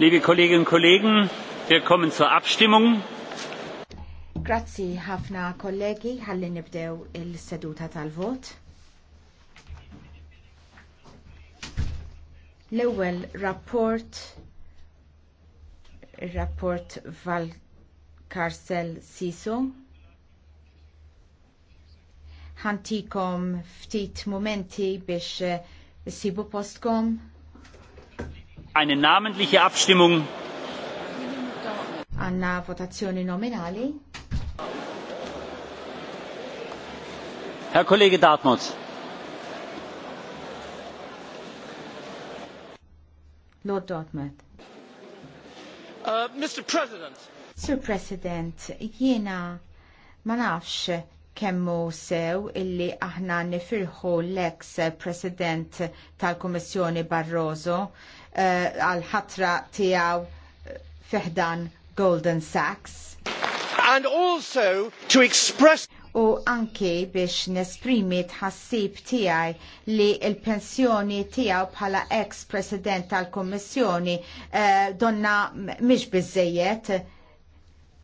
Liebe Kolleginnen und Kollegen, wir kommen zur Abstimmung. Grazzi ħafna kollegi, ħalli nibdew il-seduta tal-vot. L-ewwel rapport ir-rapport Val Karsel Siso. Ħantikom ftit momenti biex issibu postkom. Eine namentliche Abstimmung. Anna votazzjoni nominali. Herr Kollege Dartmouth. Lord Dartmouth. Uh, Mr. President. Sir President, jiena ma nafx kemmu sew illi aħna nifirħu l-ex president tal-Kommissjoni Barroso eh, għal uh, ħatra tiegħu eh, fiħdan Golden Sachs. And also to express u anki biex nesprimi tħassib tiegħi li l-pensjoni tiegħu bħala ex-president tal-Kommissjoni uh, eh, donna mhix bizzejiet